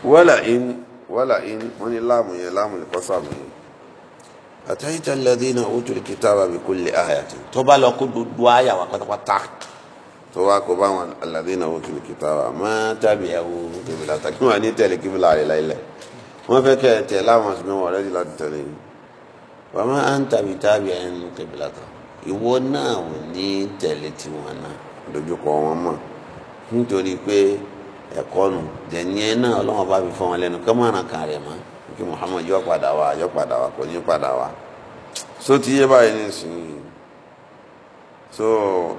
wala in wala in wọ́n ní láàmù yẹn láàmù lè kọ́ sàmù yẹn àtàyíta lẹ́dínà òtún kìtàbà bí kò lè àyà tó tó bá lọ kó gbogbo àyà wà pátápátá tó wá kó báwọn àlàdínà òtún kìtàbà má tàbí ẹwọ kìbìlà tàbí wọn ní tẹ̀lé kìbìlà àyèlà ilẹ̀ wọn fẹ́ kẹ́ tẹ̀ láwọn sì mẹ́wọ̀n rẹ́dí láti tẹ̀lé wàmọ́ à ń tàbí tàbí ẹ̀ ń kìbìlà kan ìwọ náà ò ní tẹ̀lé tiwọn náà. dojúkọ wọn mọ nítorí pé ẹkọnu nu náà ọlọ́wọ́n bá fi fọ́ wọn lẹ́nu kọ́ kan Muhammad yọ padà wá yọ padà wá kò ní padà wá so ti yé báyìí nísìnyí so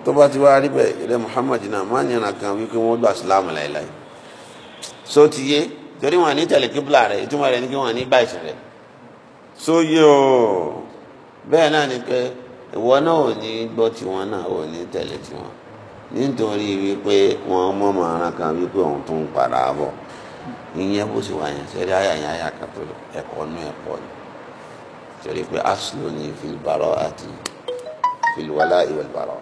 tó bá ti wá rí bẹ́ẹ̀ ilẹ̀ Muhammad náà má nyẹ̀nà kan wípé wọ́n gbà sílámù láìláì so ti yé torí wọn ní tẹ̀lé kíbla rẹ̀ ìtumọ̀ rẹ̀ ní kí ní so yé o bẹ́ẹ̀ náà ni pé ìwọ náà ò ní nítorí wípé wọn mọ màrán kan wípé òun tún padà bọ̀ ìyẹn bó ti wà yẹn sẹrí àyà yẹn àyà kan tó ẹ̀kọ́ nú ẹ̀kọ́ ni torí pé aslo ni filibaro àti filiwala ìwẹlibaro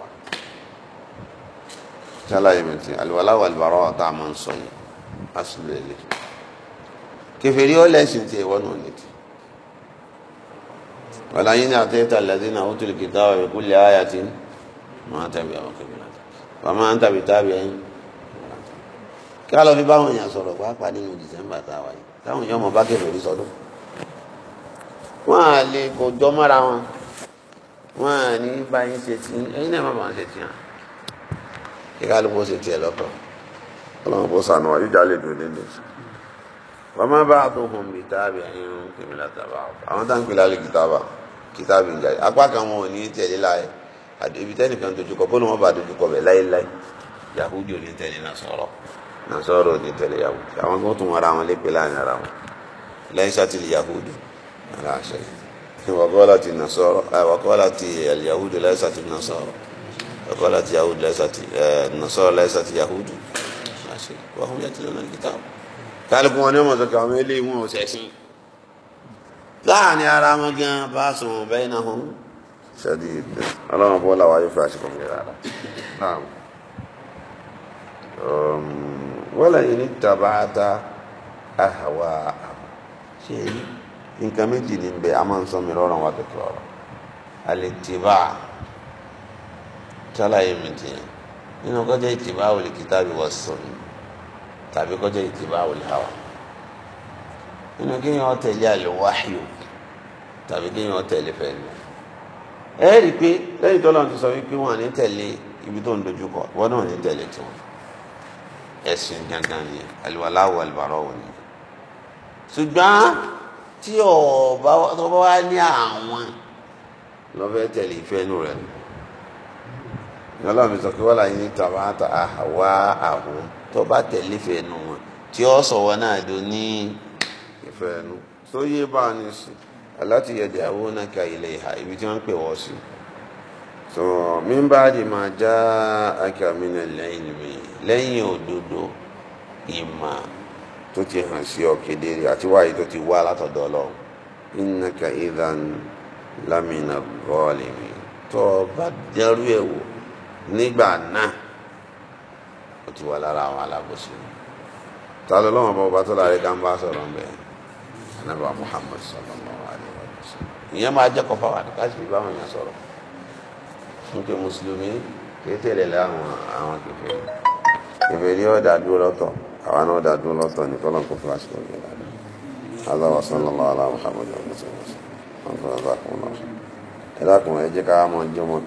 sálàyé mi ti aliwala ìwẹlibaro tá a máa ń sọ yẹn aslo ẹ lè kẹfẹrí ó lẹsìn tí ìwọ náà lè ti. ولئن أعطيت الذين أوتوا الكتاب بكل آية ما تبعوا قبلك wàmọ́ à ń tàbí tábì ẹyin kí wàá lọ fi báwọn èèyàn sọ̀rọ̀ pàápàá nínú dìsẹ́mbà tá a wà yìí táwọn èèyàn mọ̀ bá kẹfẹ́ orí sọdún wọn à lè kò jọ mọ́ra wọn wọn à ní bá yín ṣe tí ẹyin náà má bàa ṣe tí hàn kí kálukú ṣe tiẹ̀ lọ́kọ̀ ọlọ́run kò sànù wáyé jálè dùn nílé wàmọ́ bá a tó hùn bí tábì ẹyin kìmìlá tàbá àwọn táwọn pè lálẹ́ kìtàbà kìtàbì ń apá kan wọn ò ní tẹ̀lé láyé ibi tẹ́nìkan dojúkọ bó ló wọn bá dojúkọ bẹ̀ láéláé yahudi ò ní tẹ̀lé nasọ́rọ̀ nasọ́rọ̀ ò ní tẹ̀lé yahudi àwọn kan tún ara wọn lépe láàrin ara wọn lẹ́yìn sátìlì yahudi ara àṣẹ wàkọ́lá ti nasọ́rọ̀ wàkọ́lá ti yahudi lẹ́yìn sátìlì eh, nasọ́rọ̀ wàkọ́lá ti yahudi lẹ́yìn sátìlì nasọ́rọ̀ lẹ́yìn sátìlì yahudi àṣẹ wàhùn yàtí lọ́nà kíkà kálukú wọn ní ọmọ sọkè àwọn eléyìí wọn ò sẹ́sìn láàrin ara wọn gan bá sùn bẹ́ẹ̀ náà hàn شديد أنا بقول لو عايز فاشكم كده نعم ولئن اتبعت أهواءهم شيء nǹkan méjì ní bẹ a máa ń sọmi lọ́rùn wa tètè ọ̀rọ̀ àlètìbá ṣàlàyé mi tiẹ̀ nínú kọjá ìtìbá òlì kìtàbí wọ sọmi tàbí kọjá ìtìbá òlì hàwà nínú kéèyàn tẹ̀lé àlè wáhíù tàbí kéèyàn tẹ̀lé fẹ́ẹ́ ẹ rí i pé lẹ́yìn tó lọ́run ti sọ wípé wọn ní tẹ̀lé ibi tó ń dojúkọ wọn náà ní tẹ̀lé tiwọn ẹ̀sìn gangan ni àlùwàlá wọ àlùbárà wọ ni ṣùgbọ́n tí ọba tó bá wá ní àwọn lọ́fẹ́ tẹ̀lé ìfẹ́ inú rẹ̀ ọlọ́run sọ pé wọ́n là yín tàbá àwa àwọn tó bá tẹ̀lé ìfẹ́ inú wọn tí ó sọ̀wọ́ náà do ní ìfẹ́ inú tó yé bá a ní sùn. aláti yẹ̀dẹ̀ àwọnàkà ilẹ̀ ìhà ibi tí wọ́n ń pè wọ́ sí so mímbà di máa já akàmínà lẹ́yìn mi lẹ́yìn òdodo ìmà tó ti hàn sí ọ kedere àti wáyé tó ti wá látọ̀dọ̀ Ọlọ́run lamina zalimi tó o bá dẹrú ẹ̀ wò nígbà náà ó ti wà lára àwọn alábòsí ta ló lọ́wọ́ bá ọba tó láre ká ń bá ìyẹn máa jẹ́ kọfà wà ká sì fi báwọn yẹn sọ̀rọ̀ fún pé mùsùlùmí kì í tẹ̀lé láwọn àwọn kẹfẹ́ kẹfẹ́ ni ó dá dúró lọ́tọ̀ àwọn náà dá dúró lọ́tọ̀ ní kọ́lọ́n kó fún àṣìkò yẹn dáadáa aláwọ̀ sọ́lọ́lọ́ aláwọ̀ sàmójú ọ̀gbìn sọ̀rọ̀ sọ̀rọ̀ ẹ̀ dákun ẹ jẹ́ ká mọ̀ jọmọ́